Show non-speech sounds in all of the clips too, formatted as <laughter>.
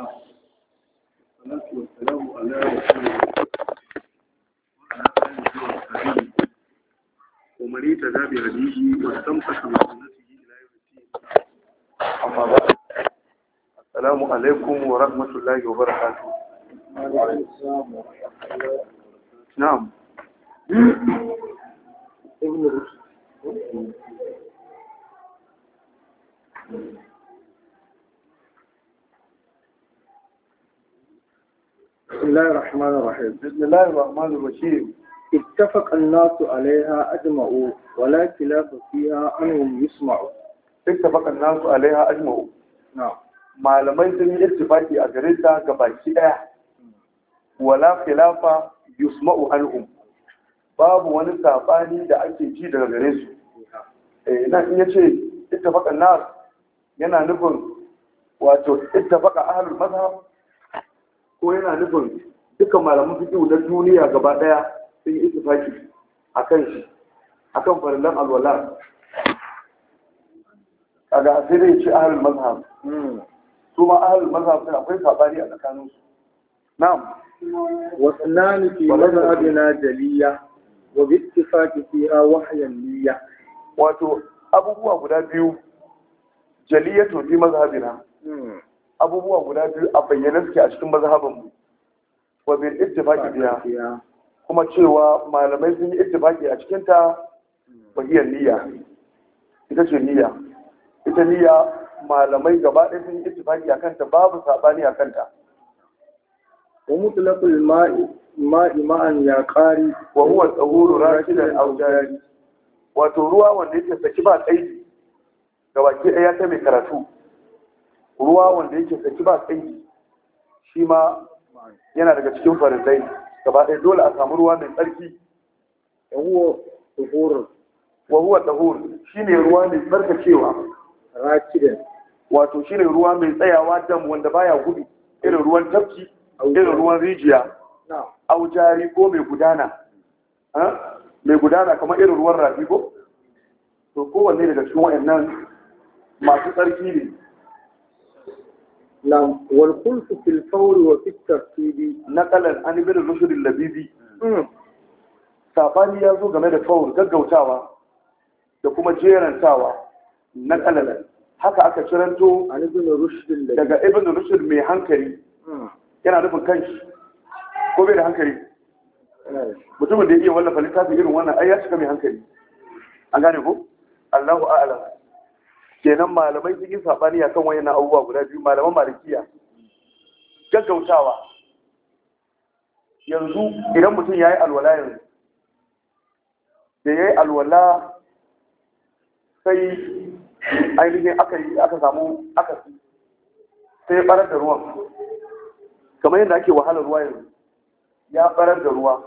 السلام عليكم ورحمة الله وبركاته نعم ابن رشد بسم الله الرحمن الرحيم بسم الله الرحمن الرحيم اتفق الناس عليها أجمعوا ولا خلاف فيها أنهم يسمعوا اتفق الناس عليها أجمعوا نعم malamai sun yi ittifaki a gare ta ga baki daya wala khilafa yusma'u anhum babu wani sabani da ake ji daga gare su eh ina in yace ittafaqa yana nufin wato ittafaqa ahlul mazhab ko yana nufin dukkan malaman fiqh na duniya gaba ɗaya sun yi ittifaki kan shi kan farillan alwala kaga sai dai ci ahlul mazhab hmm. su ma ahlul mazhab sun akwai sabani a tsakanin su na'am wasnani fi mazhabina jaliya wa bi ittifaqi fiha wahyan niyya wato abubuwa guda biyu jaliyatu fi mazhabina abubuwa guda biyu a bayyana suke a cikin mazhabin mu wa bil ittifaqi biya kuma cewa malamai sun yi ittifaqi a cikin ta ba, iya niyya ita ce niyya ita niyya malamai gaba ɗaya sun yi ittifaqi a kanta babu sabani a kanta wa mutlaqul ma'i ma'i ma'an ya qari wa huwa tsahuru rakidan aw jari wato ruwa wanda yake saki ba tsayi ga baki ɗaya ta mai karatu ruwa wanda yake saki ba tsayi shi ma yana daga cikin farisai gaba ɗaya dole a samu ruwa mai tsarki wa huwa tahur shine ruwa mai tsarkacewa rakidan wato shine ruwa mai tsayawa dam wanda baya gudu irin ruwan tafki irin ruwan rijiya au jari ko mai gudana mai gudana kamar irin ruwan rafi ko to kowanne daga cikin waɗannan masu tsarki ne نعم والخلف في الفور وفي الترتيب نقلا عن ابن الرشد اللبيبي sabani ya zo game da fawar gaggautawa da kuma jerantawa na haka aka ciranto daga ibn rushd mai hankali hmm. yana nufin kanshi ko bai da hankali mutumin da ya iya wallafa littafin irin wannan ai ya shiga mai hankali an gane ko Allahu a'lam kenan malamai sun yi sabani akan wayannan abubuwa guda biyu malaman malikiya gaggautawa yanzu idan mutum ya yi alwala yanzu da ya yi alwala sai ainihin aka yi aka samu aka sai ya barar da ruwan kamar yadda ake wahalar ruwa yanzu ya barar da ruwa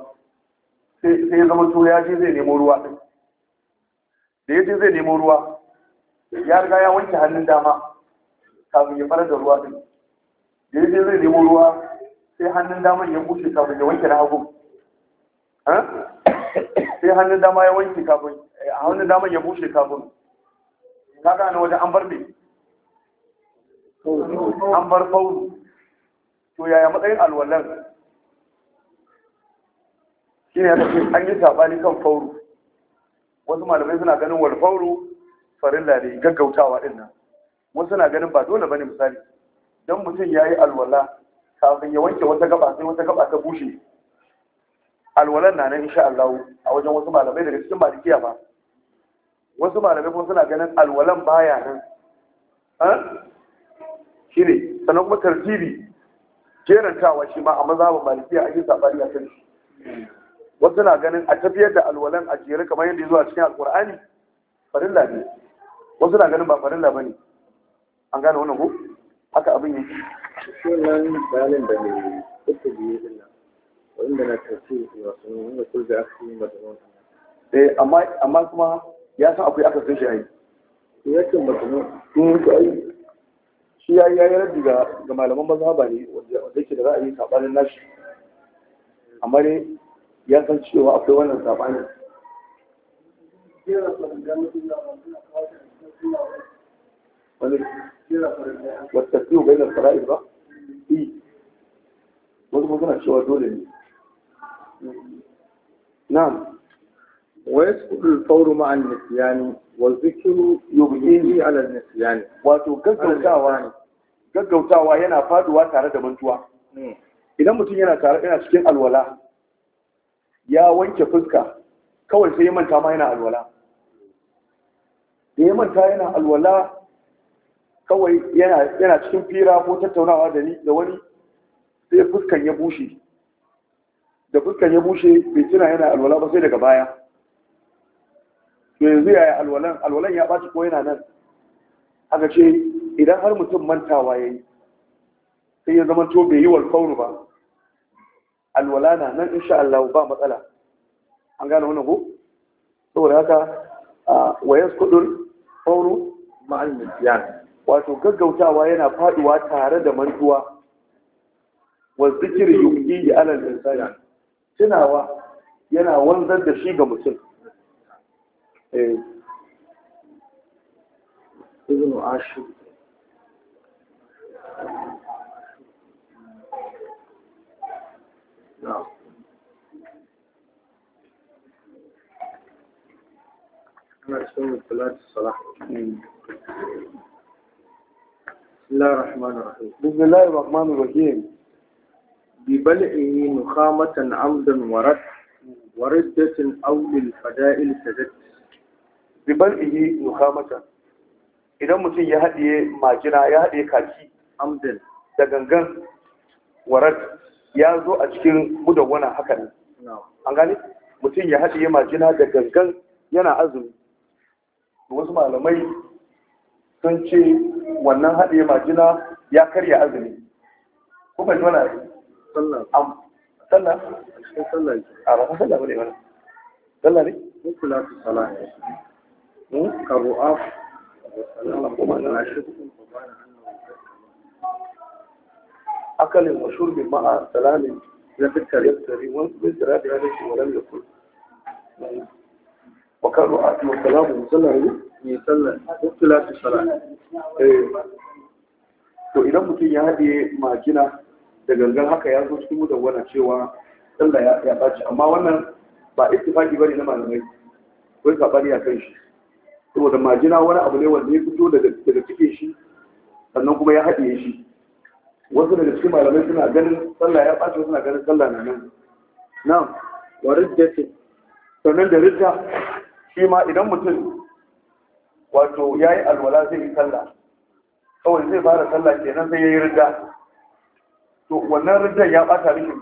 sai ya zama to ya je zai nemo ruwa ɗin da ya je zai nemo ruwa ya riga ya wanke hannun dama kafin ya fara da ruwa din da ya zai nemo ruwa sai hannun damar ya bushe kafin ya wanke na hagu sai hannun dama ya wanke kafin a eh, hannun damar ya bushe kafin ka gane wajen an bar me an bar fauru to yaya matsayin alwalan shi ne ya an yi saɓani kan fauru wasu malamai suna ganin wal fauru farilla ne gaggautawa din nan wasu suna ganin ba dole bane misali dan mutum yayi alwala kafin ya wanke wata gaba sai wata gaba ta bushe alwalan na nan insha Allah a wajen wasu malamai daga cikin malikiya ba wasu malamai kuma suna ganin alwalan baya nan shi ne sanan kuma tartibi jerantawa shi ma a mazhabin malikiya ake sabani a kan shi wasu na ganin a tafiyar da alwalan a jere kamar yadda ya zo a cikin alkur'ani farilla ne wasu na ganin ba farilla ba ne an gane wannan ko haka abin yake sunan misalin da mai kuka biyu din nan wanda na tafi wasu wanda ko da aka yi mata wannan eh amma amma kuma ya san akwai aka san shi ai yake mata wannan mm, to ai shi ya yi yayar da ga malaman ba ne wanda yake da ra'ayi sabanin nashi amma ne ya san cewa akwai wannan sabanin. والتسبيح بين الفرائض بقى إيه wasu kuma cewa dole ne na'am wa yasqutu al-fawru ma'a an-nisyan wato gaggautawa ne gaggautawa yana faduwa tare da mantuwa hmm. idan mutum yana tare yana cikin alwala ya wanke fuska kawai sai ya manta ma yana alwala da ya manta yana alwala kawai yana cikin fira ko tattaunawa da ni da wani sai fuskan ya bushe da fuskan ya bushe bai tuna yana alwala ba sai daga baya to yanzu yaya alwalan alwalan ya ɓaci ko yana nan aka ce idan har mutum mantawa ya yi sai ya zama to bai yi walfaunu ba alwala na nan insha Allah ba matsala an gane wannan ko saboda haka wa kudin. fauru ma'anin nisyan wato gaggautawa yana faduwa tare da mantuwa wa zikiri yuqiyi alal insani tunawa yana wanzar da shi ga mutum eh أنا أسمي ثلاث الصلاة بسم الله الرحمن الرحيم بسم الله الرحمن الرحيم ببلعه نخامة عمدا ورد وردة أو للفدائل سدد ببلعه نخامة idan mutum ya haɗiye majina ya haɗiye kaki amdin da gangan warat ya zo a cikin mudawwana haka ne mutum ya haɗiye majina da gangan yana azumi wasu malamai sun ce wannan haɗe majina ya karya azumi ko ban mana abu sallah sallah sallah a ba sallah bane wannan sallah ne kula su sallah ka a akalin wa shurbin ma'a salamin ya fitar yaftari wani bin tsirabi ya nashi wa lam وكانوا أعطوا السلام وسلم يسلم وابتلا في الصلاة to idan mutum ya haɗe majina da gangan haka ya zo cikin mudawwana cewa sallah ya ya ɓaci amma wannan ba ittifaqi bane na malamai ko sabani a kan shi saboda majina wani abu ne wanda ya fito daga daga cikin shi sannan kuma ya haɗe shi wasu daga cikin malamai suna ganin sallah ya ɓaci suna ganin sallah na nan na'am wa riddatin sannan da ridda shi ma idan mutum wato ya yi alwala zai yi sallah kawai zai fara sallah kenan sai ya yi rida to wannan rida ya ɓata rikin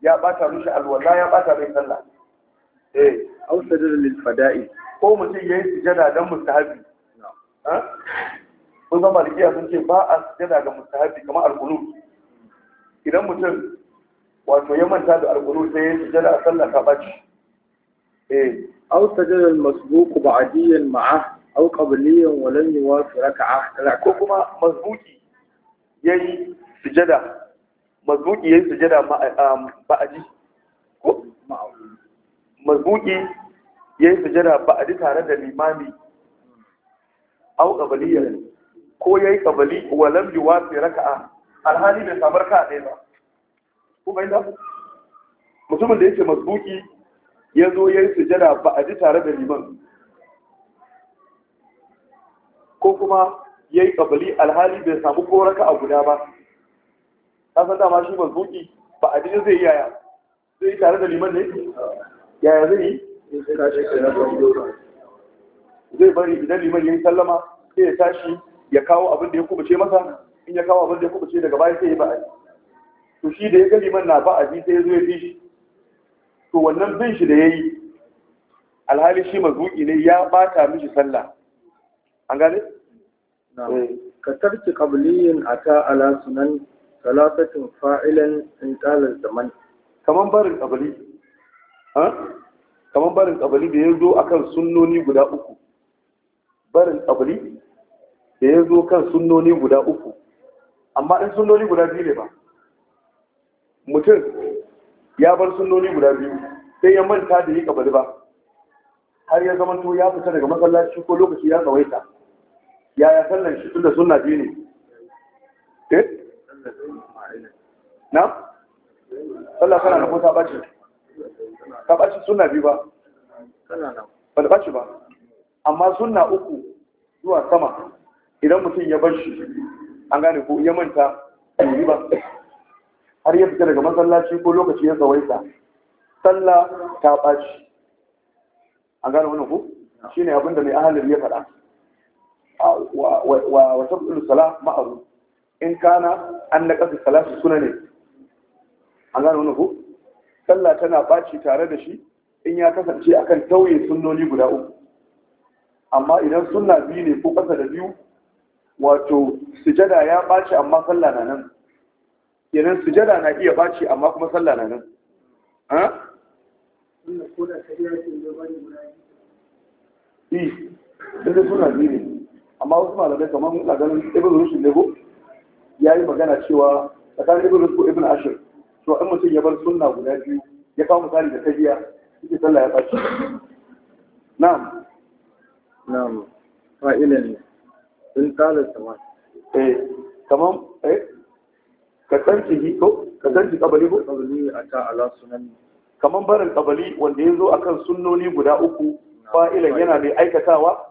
ya ɓata mishi alwala ya ɓata rikin sallah eh aw sadar da fada'i ko mutum ya yi sujada dan mustahabi kun zama malikiya sun ce ba a sujada ga mustahabi kamar alkulu idan mutum wato ya manta da alkulu sai ya yi sujada a sallah ta baci أو سجد المسبوق بعديا معه أو قبليا ولن يوافي ركعة كما مسبوكي يعني سجدة مسبوكي يعني سجدة بعدي مسبوكي yayi sujada ba a tare da limami au qabliya ko yayi qabli wa lam yuwafi raka'a alhali samar ka dai ba da mutumin da yake masbuki ya zo ya yi sujada ba a ji tare da liman ko kuma ya yi ƙabali alhali bai samu koraka a guda ba ta san dama shi mazuki ba a ji zai yi yaya zai yi tare da liman ne yaya zai yi zai bari idan liman ya yi sallama sai ya tashi ya kawo abin da ya kubuce masa in ya kawo abin da ya kubuce daga baya sai ya ba'a to shi da ya ga liman na ba'a ji sai ya zo ya fi shi to wannan bin shi da ya yi alhali shi mazuki ne ya bata mishi sallah an gane? Eh. ka tarki kabiliyin a ta alasunan salafatin fa’ilin fa'ilan in ƙalar zaman kamar barin kabili kamar barin kabili da ya zo kan sunnoni guda uku barin kabili da ya zo kan sunnoni guda uku amma in sunnoni guda biyu ne ba mutum ya bar sunnoni guda biyu sai ya manta da yi kabari ba har ya zama to ya fita daga masallaci ko lokaci ya tsawaita yaya sallan shi tunda sunna biyu ne eh na sallah kana ko ta bace ta bace sunna biyu ba ba ta bace ba amma sunna uku zuwa sama idan mutum ya bar shi an gane ko ya manta yi ba har yi fita daga masallaci ko lokaci ya tsawaita sallah ta ɓaci A gane wani ku shi ne abinda mai ahalin ya faɗa wa wata tsala ma'aru in kana an na ƙasa su suna ne a gane wani ku sallah tana ɓaci tare da shi in ya kasance a kan tauye sunnoni guda uku amma idan suna biyu ne ko ƙasa da biyu wato sujada ya ɓaci amma sallah na nan kenan sujada na iya baci amma kuma sallah na nan ha yi da suna ne amma wasu malamai kamar mun ganin ibn rushd ne ko ya yi magana cewa tsakanin ibn rushd ko ibn ashir to in mutum ya bar sunna guda biyu ya kawo misali da tabiya yake sallah ya baci na'am na'am fa'ilan in kala sama eh kamar eh ka tsanci ko kabali ko kabali ala kaman barin kabali wanda ya zo akan sunnoni guda uku fa'ilan yana mai aikatawa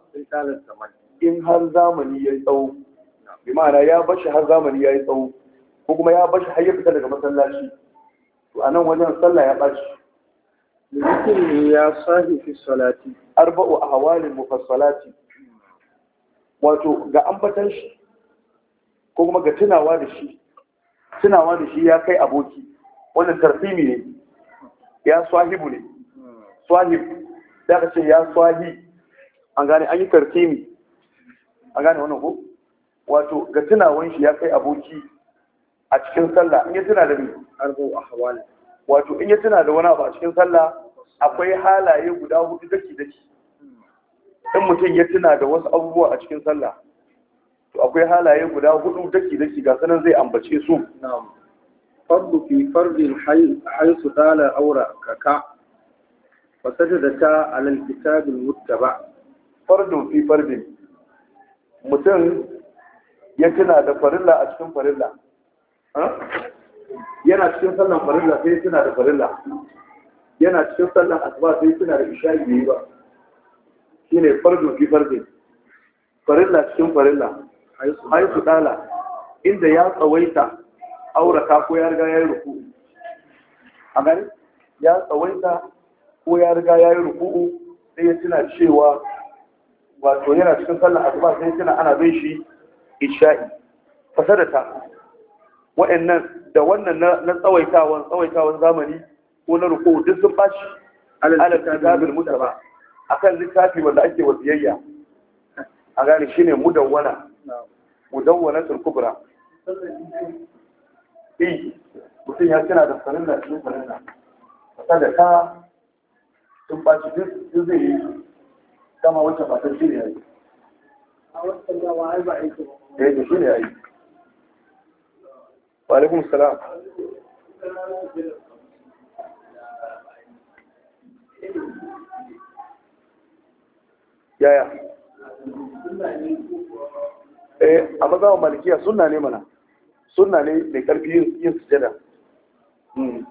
in har zamani ya yi tsawo bi ma'ana ya bashi har zamani ya yi tsawo ko kuma ya bashi har ya fita daga masallaci to anan wajen sallah ya bashi zikirin ya sahi fi salati arba'u mu mufassalati wato ga ambatan shi ko kuma ga tunawa da shi tunawa da shi ya kai aboki wannan tarfimi ne ya swahibu ne swahib da ka ce ya swahi an gane an yi tarfimi an gane wannan ko wato ga tunawan shi ya kai aboki a cikin sallah in ya tuna da ni a ahwal wato in ya tuna da wani abu a cikin sallah akwai halaye guda hudu daki daki in mutum ya tuna da wasu abubuwa a cikin sallah to akwai halaye guda hudu daki daki ga sanan zai ambace su na'am fardu fi fardil su dala aura kaka alal ala alkitab ba. fardu fi fardin mutum ya tuna da farilla a cikin farilla yana cikin sallan farilla sai tuna da farilla yana cikin sallan asuba sai tuna da isha'i ne ba shine fardu fi fardin farilla cikin farilla haisu dala inda ya tsawaita aurata ko ya riga ya yi ruku'u a gani ya tsawaita ko ya riga ya yi ruku'u sai ya tuna cewa wato yana cikin sallar asuba sai tuna ana bin shi isha'i ta wa'annan da wannan na tsawaitawan tsawaitawan zamani ko na ruku'u duk sun bashi alal abin mutaba akan littafi wanda ake wasiyayya a gani shine mudawwana mudawwalatul kubra eh mutum ya kira da farilla cikin farilla sadaka sun baci duk zai yi dama wacce fatan shi ne yayi a da shi ne yayi wa alaikum salam yaya eh a mazhaban malikiya suna ne mana suna ne mai karfi yin sujada hmm.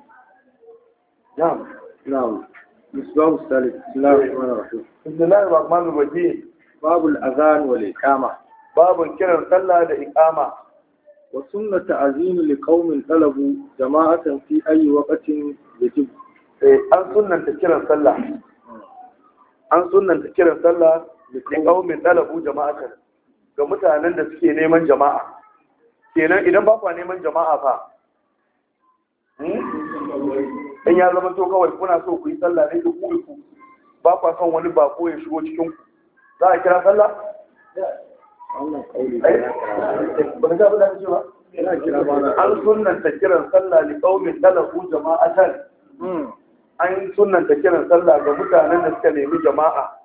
na'am na'am misbahu salih bismillahir rahmanir rahim bismillahir rahmanir rahim babul azan wal iqama babul kiran sallah da iqama wa sunnatu azim li kaumin talabu jama'atan fi ayi waqtin yajib eh an sunanta kiran sallah hmm. an sunnanta kiran sallah li kaumin talabu jama'atan ga mutanen da suke neman jama'a kenan idan ba kwa neman jama'a fa hmm? in ya zama to kawai kuna so ku yi sallah ne ku ku ku ba kwa son wani bako ya shigo cikin ku za a kira sallah ba ga ba ba an sunanta kiran sallah li qaumin talafu jama'atan hmm. an sunanta kiran sallah ga mutanen da suka nemi jama'a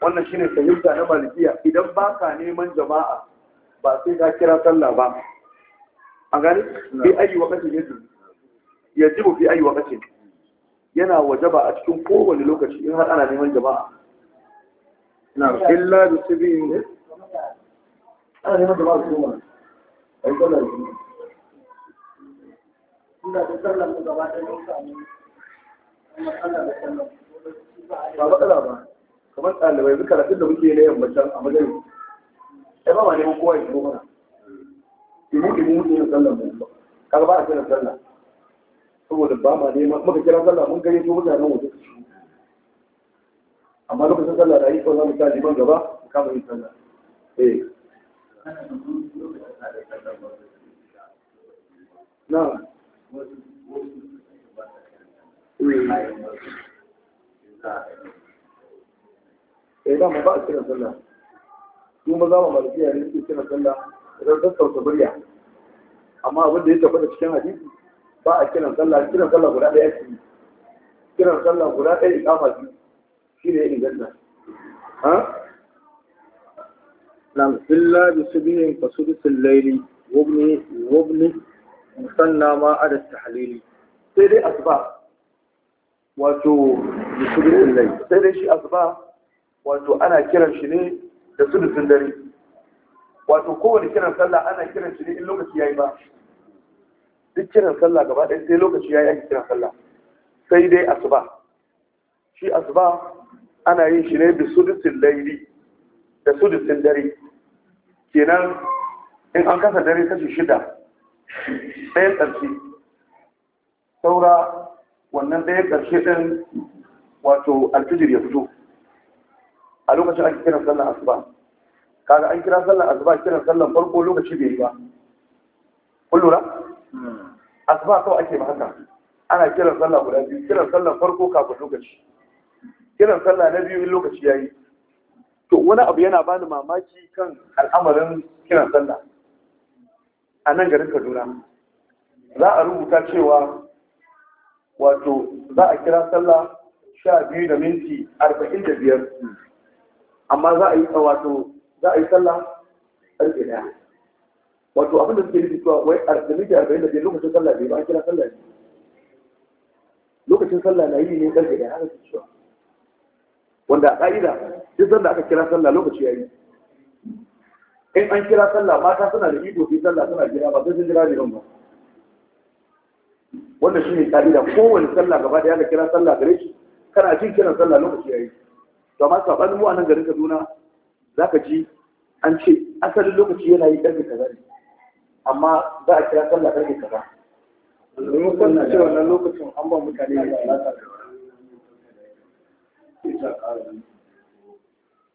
wannan shi ne fahimta na malikiya idan ba ka neman jama'a ba sai ka kira sallah ba a gani fi ayi kace yaji yajibu fi ayi kace. yana wajaba a cikin kowane lokaci in har ana neman jama'a na illa da sibi ne ana neman jama'a su ma ai sallah ne ina da sallah mu gaba da lokaci ba matsala ba kamar ɗalibai zuka karatun da muke na yammacin a madari ai ba ma neman kowa ya shigo mana imu imu muke yin sallah mu kaga ba a kira sallah saboda ba ma neman muka kira sallah mun gani to mutanen waje su amma lokacin sallah da yi ko za mu sa liman gaba mu kama yin sallah eh na sai eh, ba a kiran sallah su za mu malikiya a suke kiran sallah idan ta sauta murya amma abin da ya tabbata cikin hadisi ba a kiran sallah kiran sallah guda ɗaya ce kiran sallah guda ɗaya ya kama shi ne ya inganta ha nam illa bi subihin fa layli wabni wabni musanna ma ada tahlili sai dai asuba wato bi sudusul layli sai dai shi asuba wato ana kiran shi ne da sulusun dare wato kowane kiran sallah ana kiran shi ne in lokaci yayi ba duk kiran sallah gaba ɗaya sai lokaci yayi ake kiran sallah sai dai asuba shi asuba ana yin shi ne da sulusun laili da sulusun dare kenan in an kasa dare kashi shida ɗayan ƙarshe saura wannan ɗayan ƙarshe ɗin wato alfijir ya fito a lokacin ake kiran sallan asuba kaga an kira sallan asuba kiran sallan farko lokaci bai yi ba kun lura asuba kawai ake ba haka ana kiran sallah guda biyu kiran sallan farko kafin lokaci kiran sallah na biyu in lokaci yayi to wani abu yana bani mamaki kan al'amarin kiran sallah a nan garin Kaduna za a rubuta cewa wato za a kira sallah sha biyu da minti arba'in da biyar amma za a yi wato za a yi sallah ƙarfe ɗaya wato abin da suke nufi cewa wai da ke arba'in da ke lokacin sallah bai ba an kira sallah ne lokacin sallah na yi ne ƙarfe ɗaya haka su cewa wanda a ƙa'ida duk sanda aka kira sallah lokaci ya yi in an kira sallah mata suna da iko sai sallah suna jira ba sai sun jira jiran ba wannan shi ne ƙa'ida kowane sallah gaba da ya kira sallah gare shi kana jin kiran sallah lokaci ya yi kamar amma sabanin mu a nan garin Kaduna za ka ji an ce asalin lokaci yana yi karfe kaza ne amma za a kira sallah karfe kaza domin kan ce wannan lokacin an ba mutane da alaƙa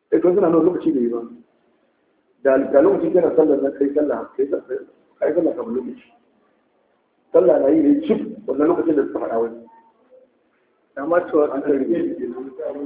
da to suna nuna lokaci da yi ba da lokacin lokaci kana sallar na kai sallah kai sallah kamar lokaci sallah na yi ne cif wannan lokacin da suka faɗa wani amma cewa an karfe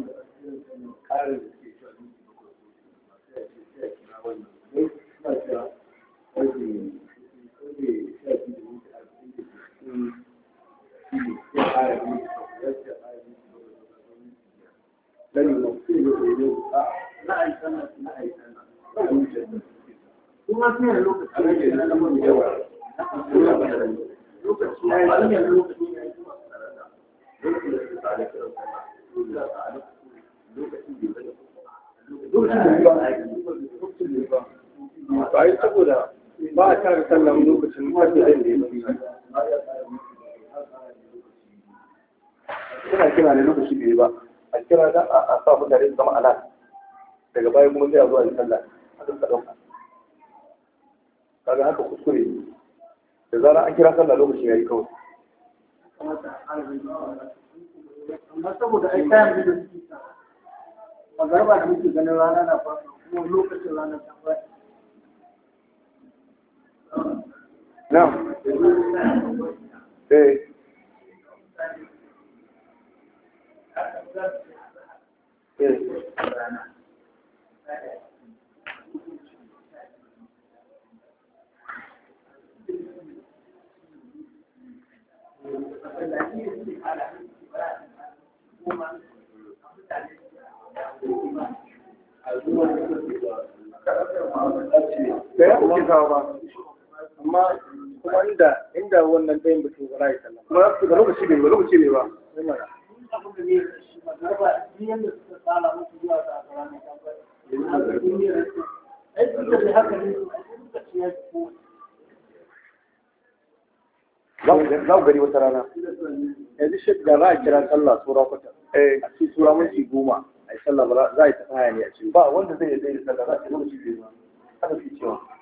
yawa da muke ganin rana na faɗo kuma lokacin rana ta faɗi eh kawo ba amma kuma inda inda wannan ɗayan ba su ba ya sallama ba su ga lokaci ne ba lokaci ne ba za ku gani wata rana yanzu shi da za a kira sallah tura kwata eh. a cikin sura minti goma a yi sallah za a yi ta haya ne a cikin ba wanda zai yi zai yi sallah za a yi lokaci zai ba haka fi cewa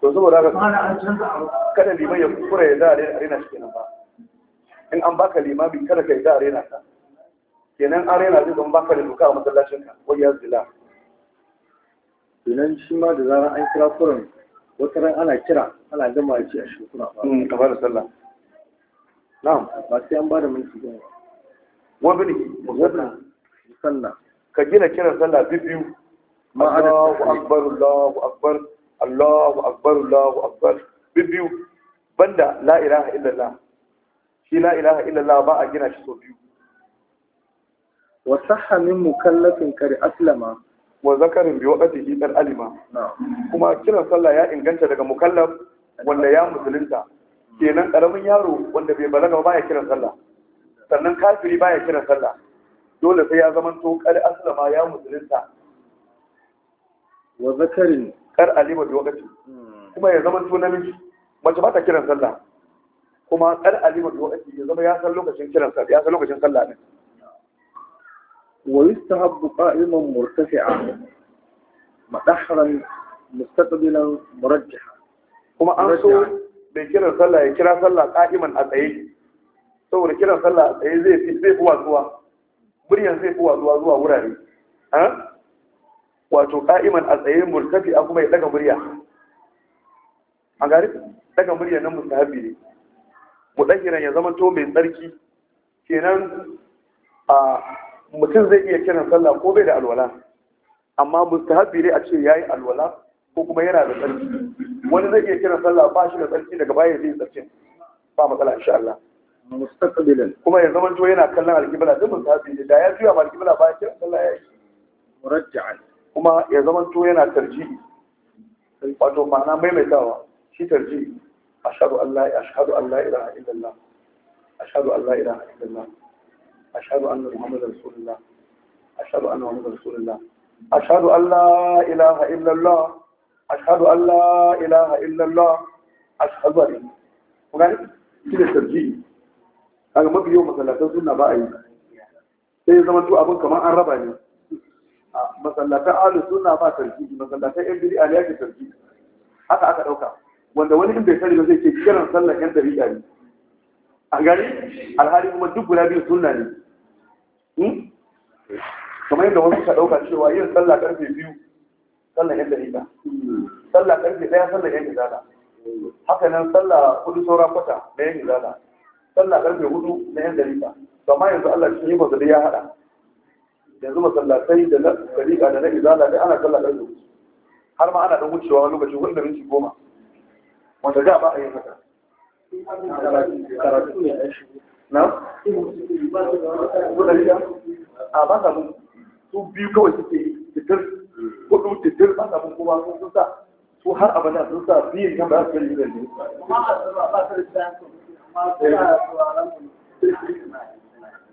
to saboda haka kada liman ya kura ya za a rena shi ba in an baka limami kada ka yi za a rena ka kenan an rena zai zama baka da doka a masallacin ka ya yanzu la kenan shi ma da zarar an kira kuran wata ran ana kira ana gama ya ce a shekura ba mm, ka da sallah na'am ba sai an bada minti goma wabini musanna musanna ka gina kiran sallah bibiyu ma'ana Allahu akbar Allahu akbar Allahu akbar Allahu akbar biyu banda la ilaha illallah shi la ilaha illallah ba a gina shi so biyu wa sahha min mukallafin kar aslama wa zakarin bi waqtihi dar alima kuma kiran sallah ya inganta daga mukallaf wanda ya musulunta kenan karamin yaro wanda bai balaga ba ya kiran sallah sannan kafiri ba ya kiran sallah dole sai ya zama to kar aslama ya musulunta wa zakarin yar alima bi wakati kuma ya zama to wacce mace ba ta kiran sallah kuma yar alima bi wakati ya zama ya san lokacin kiran sallah ya san lokacin sallah din wa yustahabbu qa'iman murtafi'a madahran mustaqbilan murajjaha kuma an so bai kiran sallah ya kira sallah qa'iman a tsaye saboda kiran sallah a tsaye zai fi zai fi muryan zai fi watsuwa zuwa wurare ha wato ka'iman a tsaye murtafi a kuma ya daga murya a gari daga murya nan haɓi ne mu dakiran ya zama to mai tsarki kenan a mutum zai iya kiran sallah ko bai da alwala amma haɓi ne a ce ya yi alwala ko kuma yana da tsarki wani zai iya kiran sallah ba shi da tsarki daga baya zai tsarki. ba matsala insha Allah mustaqbilan kuma ya zama to yana kallon alkibla duk mustahabi ne da ya juya ba alkibla ba ya kiran sallah ya yi murajja'an kuma ya zama to yana tarji wato ma'ana maimaitawa shi tarjihi ashhadu Allah la ashhadu an ilaha illallah ashhadu Allah ilaha illallah ashhadu anna muhammadar rasulullah ashhadu anna muhammadar rasulullah ashhadu an la ilaha illallah ashhadu an la ilaha illallah ashhadu an kuma shi da tarji kaga mafi yau masallatan sunna ba a yi sai ya zama to abin kamar an raba ne masallatan ahlus sunna ba tarki masallatan yan bid'a ne yake tarki haka aka dauka wanda wani in bai sani ba zai ce kiran sallar yan dariƙa ne a gani alhali kuma duk guda biyu sunna ne hmm? kamar yadda wani suka dauka cewa yin sallah karfe biyu sallar yan dariƙa sallah karfe ɗaya sallar yan hizala haka nan sallah kudu saura kwata na yan hizala sallah karfe hudu na yan dariƙa amma yanzu Allah shi ne ba da ya haɗa yanzu masallatai da na dariƙa da na izala da ana sallah ɗan lokaci har ma ana ɗan wucewa wani lokaci wanda minti goma wanda da ba a yi haka karatu ne a ba su biyu kawai suke titir titir ba kuma sun sa su har abada sun sa kan ba su yi zai ne.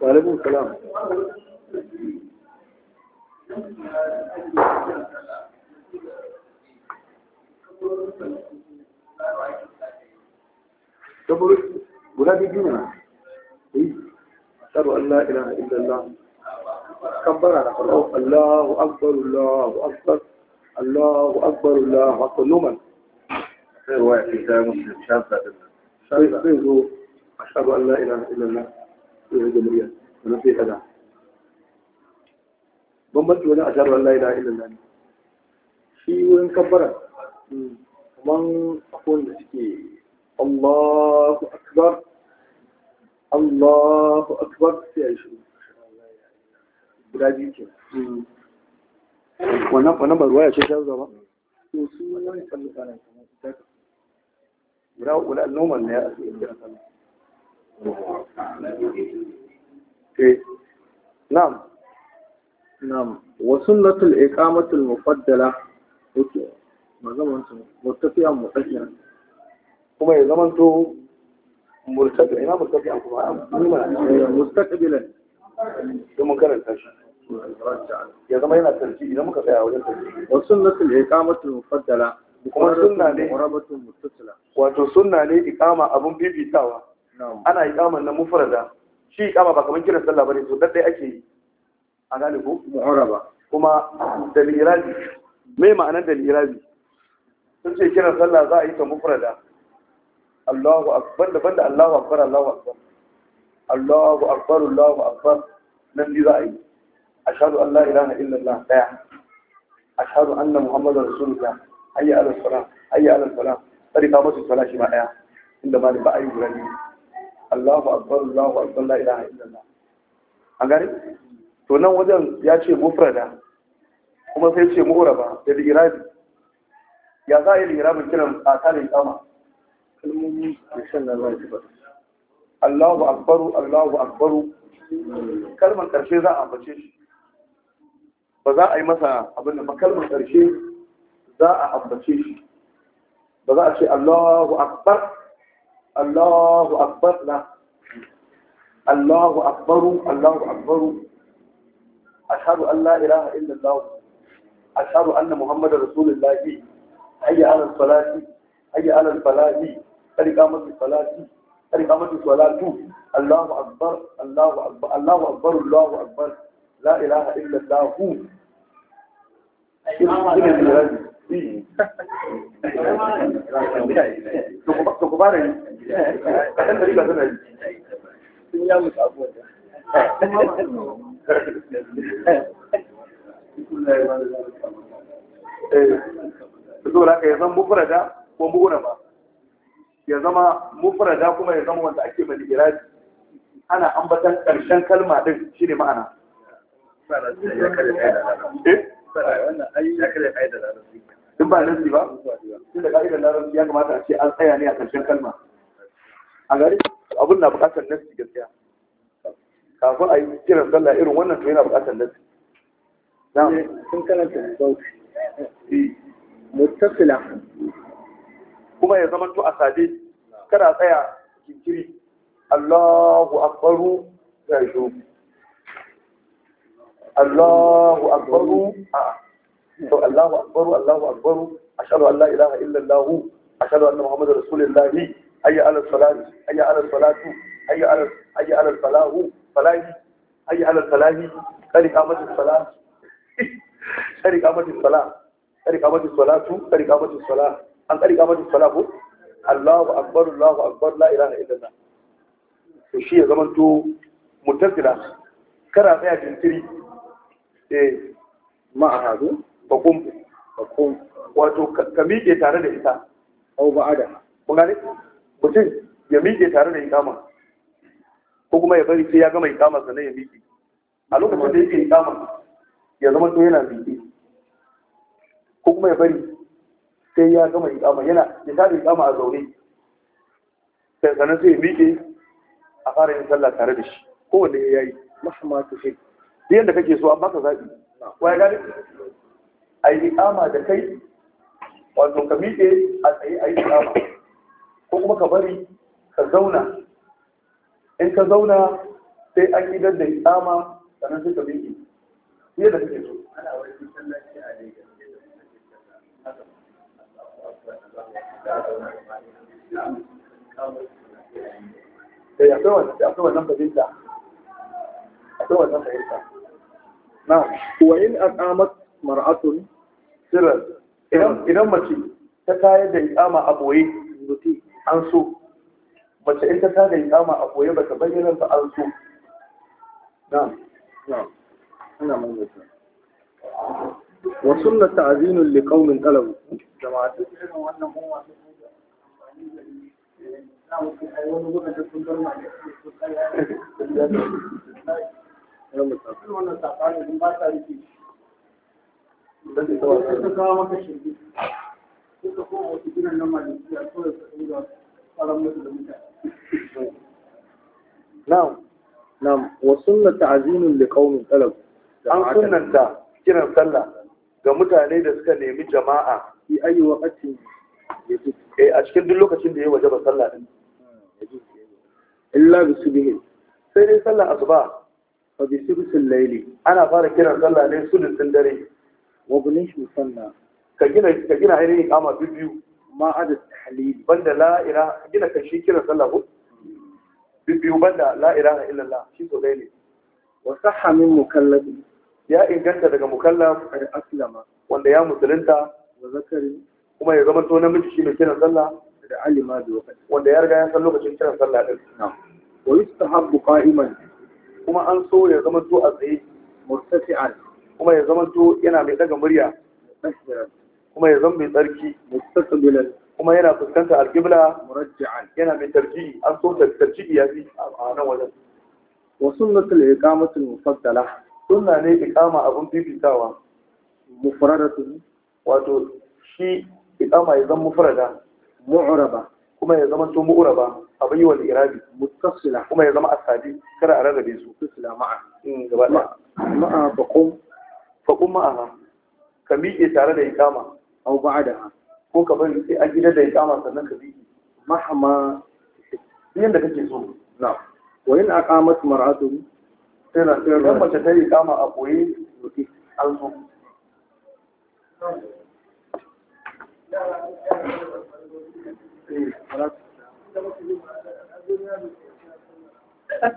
وعليكم السلام تقول ولادي جنة أشهد أن لا إله إلا الله كبر على الله الله أكبر الله أكبر الله أكبر الله أكبر لمن خير واحد ده مسلم شاب شاب أشهد أن لا إله إلا الله sai rage sai kaza bambanci wajen a shaɗu Allah ya da'ilin nan shi wurin kabbara akwai da suke Allahu akbar Allahu akbar sai a yi shi guda biyu ke wannan wannan ba ruwaya ce shaɗu ba to su wani kalli kanan kamar guda uku na normal a sallah نعم نعم وسنة الإقامة المفضلة مرتفعا مرتفعا kuma ya zama to murtafi ina murtafi an kuma mustaqbilan sai mun karanta shi ya zama yana tarci idan muka tsaya wajen tarci wa sunnatul iqamatu mufaddala kuma sunna ne wato suna ne iqama abin bibitawa ana iqaman nan mufrada shi iqama ba kamar kiran sallah bane to dadai ake yi a gane ko mu'araba kuma dal irabi me ma'anar dal sun ce kiran sallah za a yi ta mufrada Allahu akbar da banda Allahu akbar Allahu akbar Allahu akbar Allahu akbar nan ji za a yi ashhadu an la ilaha illallah daya ashhadu anna muhammadar rasulullah hayya ala salam hayya ala salam sai ka musu sala shi ma daya inda ba da ba a yi guda biyu Allahu akbar Allahu akbar la ilaha illallah an gani to nan wajen ya ce mufrada kuma sai ce mu'raba da irabi ya za a yi irabin kiran a tare kama kalmomi Allahu akbar! Allahu akbar! kalmar karshe za a ambace shi ba za a yi masa abin da kalmar karshe za a ambace shi ba za a ce Allahu akbar Allahu akbar na Allahu akbaru Allahu akbaru ashhadu an la ilaha illa Allah ashhadu anna muhammadar rasulullah hayya ala salati hayya ala falahi qad qamat salati qad qamat salatu Allahu akbar Allahu akbar Allahu akbar Allahu akbar la ilaha illa Allah to ku bari kaɗan da riga suna yi sun ya musu abuwa saboda haka ya zama mufrada ko mu'raba ya zama da kuma ya zama wanda ake mai iradi ana ambatan ƙarshen kalma din shine ma'ana Ya eh wannan ai ya kare kaida da in ba nasi ba tun da ka'idar larabci ya kamata a ce an tsaya ne a karshen kalma a gari abin na buƙatar nasi gaskiya kafin a yi kiran sallah irin wannan to yana buƙatar nasi sun eh, karanta sauki eh. muttasila kuma ya zama to a sade kada tsaya kinkiri Allahu akbaru ya shi Allahu akbaru a'a to Allahu akbaru Allahu akbaru ashhadu an la illa Allah ashhadu anna muhammadar rasulullah hayya ala salati hayya ala salatu hayya ala kari kamatu salah kari kamatu salah kari kamatu salatu kari kamatu salah an kari kamatu salah ko Allahu akbar Allahu akbar la ilaha illa shi ya zamanto mutasila kara tsaya jinkiri eh ma'a hadu fakum fakum wato ka miƙe tare da ita au ba ada kun gane mutum ya miƙe tare da ikama ko kuma ya bari sai ya gama ikama sannan ya miƙe a lokacin da yake ikama ya zama to yana miƙe ko kuma ya bari sai ya gama ikama yana ya tare ikama a zaune sai sannan sai ya miƙe a fara yin sallah tare da shi kowanne ya yi mahimmanci shi yadda kake so an ka zaɓi wa ya gane a yi da kai wato ka miƙe a tsaye a yi ko kuma ka bari ka zauna in ka zauna sai an kidan da ama sannan sai ka miƙe fiye da kake so da eh, akwai wannan fahimta akwai wannan fahimta na wa in aqamat mar'atun sirar idan mace ta tayar da ikama a boye mutu an so mace in ta tayar da ikama a boye ba ta bayyana ba an so na na ina wa sunna ta'zinun li qaumin wannan kuma eh, <laughs> wannan suka kawo maka wasu na kawai da ta'azimin An sunanta kiran sallah ga mutane da suka nemi jama'a. E, a cikin duk lokacin da ya waje ba sallah In labi su Sai dai sallah asuba. Fa bi laili. Ana fara kiran sallah ne sulusin dare. wa bunin musanna ka gina ka gina ainihin kama biyu ma hada tahlili banda la ilaha gina ka shi kira sallah ko biyu banda la ilaha illallah shi so dai ne wa sahha min mukallabi ya inganta daga mukallaf da aslama wanda ya musulunta wa zakari kuma ya zama to namiji shi mai kiran sallah da alima da wakati wanda ya riga ya san lokacin kiran sallah din wa yustahabbu qa'iman kuma an so ya zama to a tsaye murtafi'an kuma ya zama to yana mai daga murya kuma ya zama mai tsarki kuma yana fuskanta alƙibla yana mai tarji an so tarji ya fi a nan wajen wa sunnatul iqamatul mufaddala sunna ne iqama abun fifitawa wato shi kama ya zama mufarada. mu'raba kuma ya zama to mu'raba abin yi wal irabi muttasila kuma ya zama asadi kada a rarrabe su muttasila ma'a hmm, gaba ma'a baqum faƙun ma'ana ka miƙe tare da ikama da ha ko ka bari sai an gida da ikama sannan ka miƙe mahama da kake so na wa yin aqamat mar'atu sai na sai ran mace ta ikama a koyi yuti an so <laughs>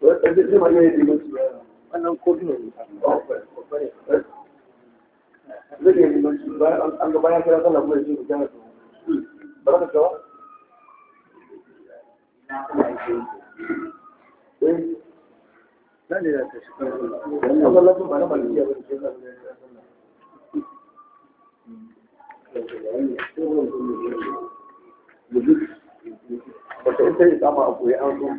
Wata zai zai mai nan kofi ne zai yi an ga bayan kira sallah kuma ya ce ku jana su ba za ka eh, nan ne da ta shi kan ba na Wata ita yi a koyi an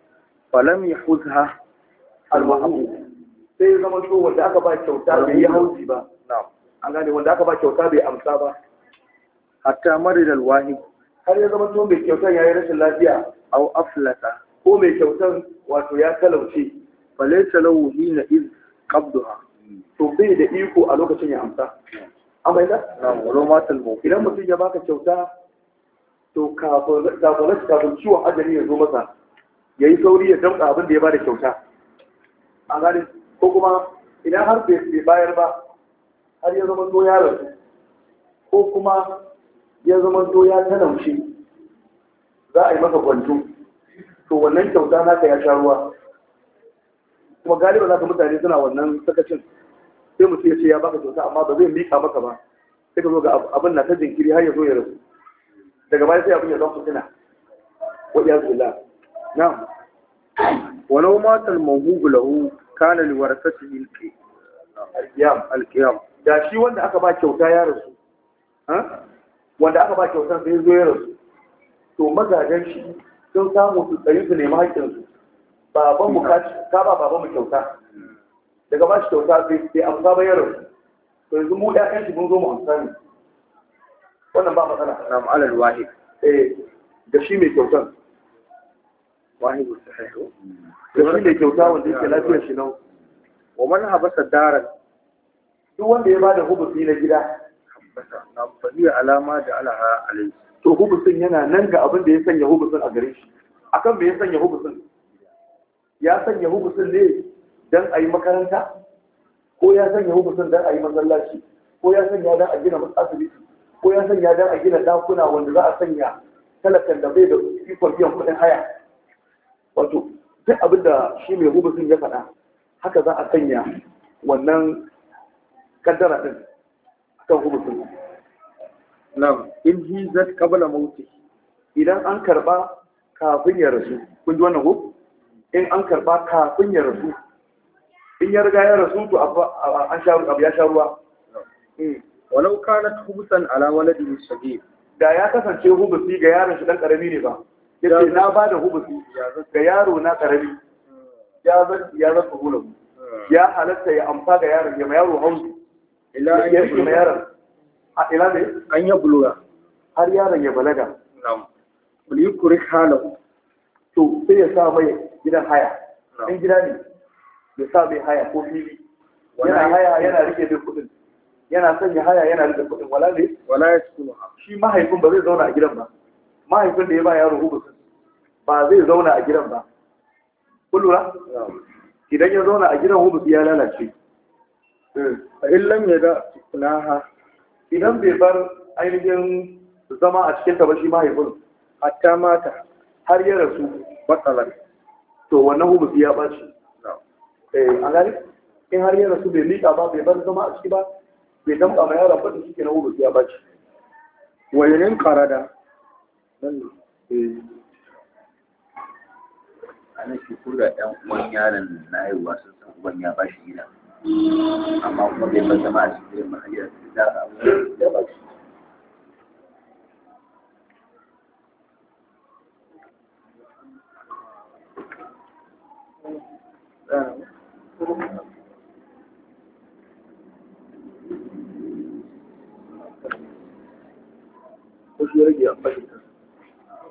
falam ya huzha almahabu sai zama so wanda aka ba kyauta bai yi hausi ba an gane wanda aka ba kyauta bai amsa ba hatta da alwahi har ya zama so mai kyautan ya yi rashin lafiya au aflata ko mai kyautan wato ya talauce falaita lahu na iz qabduha to bai da iko a lokacin ya amsa amma idan na murumatul mu idan mutum ya baka kyauta to kafin kafin ciwon ajali ya zo masa ya yi sauri ya damɗa abin da ya bada kyauta a gani ko kuma idan har bai bayar ba har ya zama to ya rasu ko kuma ya zama doya ya talaushe za a yi maka kwantu. to wannan kyauta naka ya sha ruwa kuma galiba za ka mutane suna wannan sakacin sai mutum ya ce ya baka kyauta amma ba zai mika maka ba sai ka zo ga abin na ta jinkiri har ya zo ya rasu daga baya sai abin ya zama fitina wa iyyaz billah na'am ولو مات الموهوب له كان لورثته القيام القيام دا شي da shi wanda aka ba kyauta ya rasu wanda aka ba kyauta sai zo ya rasu to magajen shi sun samu su tsayi su nemi haƙƙinsu baban mu ka ba baban mu kyauta daga ba shi kyauta sai sai amsa ba ya rasu to yanzu mu da shi mun zo mu amsa ne wannan ba matsala na alal wahid eh da shi mai kyautan wahid sahihu da ne kyauta wanda yake lafiyar shi nau wa man habasa daran duk wanda ya bada hubusi na gida habasa na alama da alaha alai to hubusin yana nan ga abin da ya sanya hubusin a gare shi akan me ya sanya hubusin ya sanya hubusin ne dan yi makaranta ko ya sanya hubusin dan yi masallaci ko ya sanya dan a gina asibiti ko ya sanya dan a gina dakuna wanda za a sanya talakan da bai da ikon biyan kuɗin haya wato duk abin da shi mai sun ya faɗa haka za a sanya wannan kaddara ɗin kan hubusin nan in zai qabla mauti idan an karɓa kafin ya rasu kun ji wannan ko in an karɓa kafin ya rasu in ya riga ya rasu to an sha abu ya sha ruwa walau kanat hubusan ala waladihi shagir da ya kasance hubusi ga yaron shi dan karami ne ba yace na ba da hubusi ga yaro na karami ya zan ya zan hula ya halatta ya amfa ga yaron ya yaro hausu ila Ya ya buluga yaron a ila ne an ya buluga har yaron ya balaga na'am wal yukri halahu to sai ya sa mai gidan haya in gida ne ya sa mai haya ko fili yana haya yana rike da kudin yana sanya haya yana rike kudin wala ne wala ya shi mahaifin ba zai zauna a gidan ba mahaifin da ya ba yaro hubusin ba zai zauna a gidan ba kullura idan ya zauna a gidan hubusi ya lalace a eh, illan ya ga naha idan bai bar ainihin zama a cikin ta ba shi mahaifin hatta mata har ya rasu matsalar to wannan hubusi ya ɓaci a eh, gani in har ya rasu bai liƙa ba bai bar zama a ciki ba bai damɓa ma yaron ba da suke na hubusi ya ɓaci wayanin karada Eh. ana shi kura yan uwan yaron na haihuwa sun san uban ya ba shi gida amma kuma bai bar zama a cikin mahajjar da za a da ba shi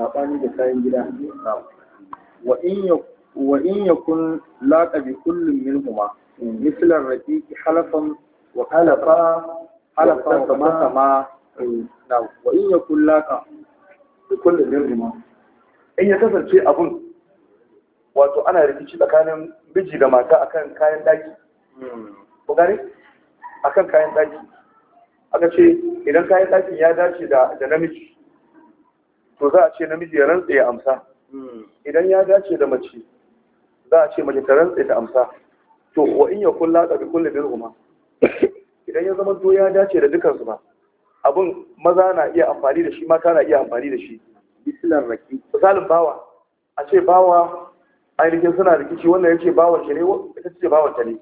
saɓani da kayan gida. Wa in ya kun latsa bi kullum min huma, misalar raƙi ki halafan wa halafa halafa wa kama sama wa in ya kun latsa bi kullum min huma. In ya kasance abun wato ana rikici tsakanin miji da mata akan kayan daki. Ku gani? Akan kayan daki. Aka ce, idan kayan daki ya dace da namiji, to za a ce namiji ya rantse ya amsa idan ya dace da mace za a ce mace ta rantse ta amsa to wa in ya kulla ka bi kulli bin idan ya zama to ya dace da su ba abin maza na iya amfani da shi mata na iya amfani da shi bislan raki misalin bawa a ce bawa ainihin suna rikici wannan yace bawa shi ne ita ce bawa ta ne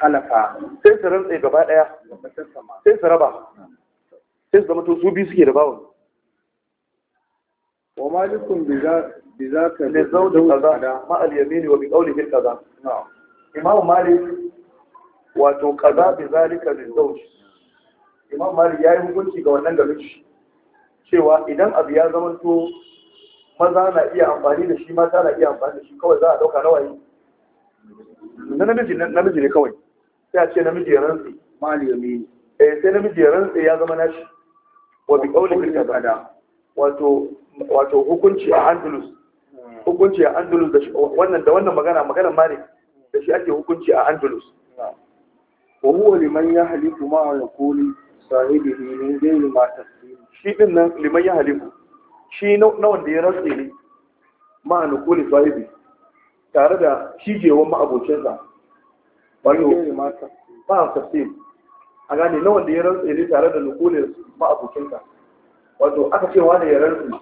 halaka sai su rantsa gaba daya sai su raba sai su zama to su biyu suke da bawan wa malikun bi za ka ne zaudi kaza ma al yamini wa bi qawlihi kaza malik wato kaza bi zalika malik hukunci ga wannan garin shi cewa idan abu ya zamanto maza na iya amfani da shi mata na iya amfani da shi kawai za a dauka rawayi na namiji namiji ne kawai sai a ce namiji ya mali eh, ya ya zama nashi wato hukunci a andalus hukunci a andalus da wannan da wannan magana magana ne da shi ake hukunci a andalus wa huwa liman yahliku ma yaqulu sahibihi min ghayri ma taslim shi din nan liman yahliku shi na wanda ya rantse ne ma nukuli sahibi tare da cijewan ma'abocinsa wato ba taslim a gane na wanda ya rantse ne tare da nukulin ma'abocinsa wato aka ce wani ya rantse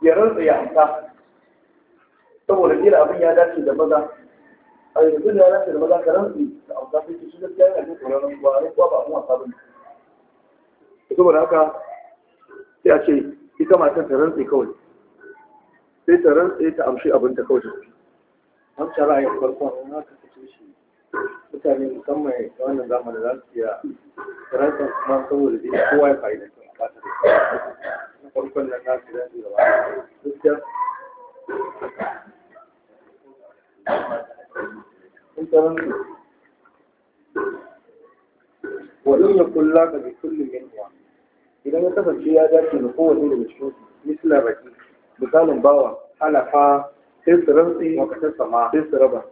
ya rantsa ya amsa saboda jira abin ya dace da maza a yanzu da ya dace da maza ka rantsi da amsa sai ki shi gaskiya yana jin ruwa kuwa ba mu wasa bane saboda haka sai a ce ita matan ta rantsi kawai sai ta rantsi ta amshi abin ta kawai an ci ra'ayin farkon in haka ta ce shi mutane musamman ta wannan zamanin za su iya rantsa kuma saboda dai kowa ya ta a ta da farkon da na fi zai zuwa duka in tsaron su wadin ya kulla ka bi kullum yin uwa idan ya kasance ya dace da kowane da cikin su misila baki misalin bawa halafa sai su rantsi makasar sama sai su raba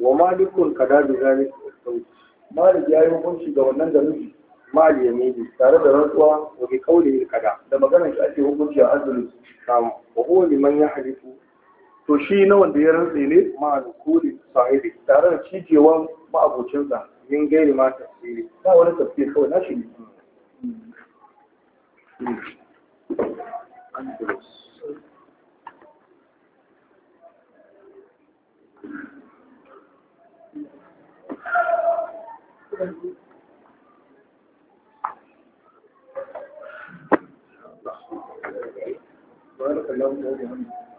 wa ma dukkan kada da zari sauki Malik ya yi hukunci ga wannan garin Mali ya miji tare da rantsuwa wa bi qawli kada, da magana shi ake hukunci a azumi samu wa huwa liman halifu. to shi na wanda ya rantse ne ma al sahibi tare da cijewan ma'abocinsa yin gairi ma tafsiri ba wani tafsir kawai na shi ne Thank you. poder resolver un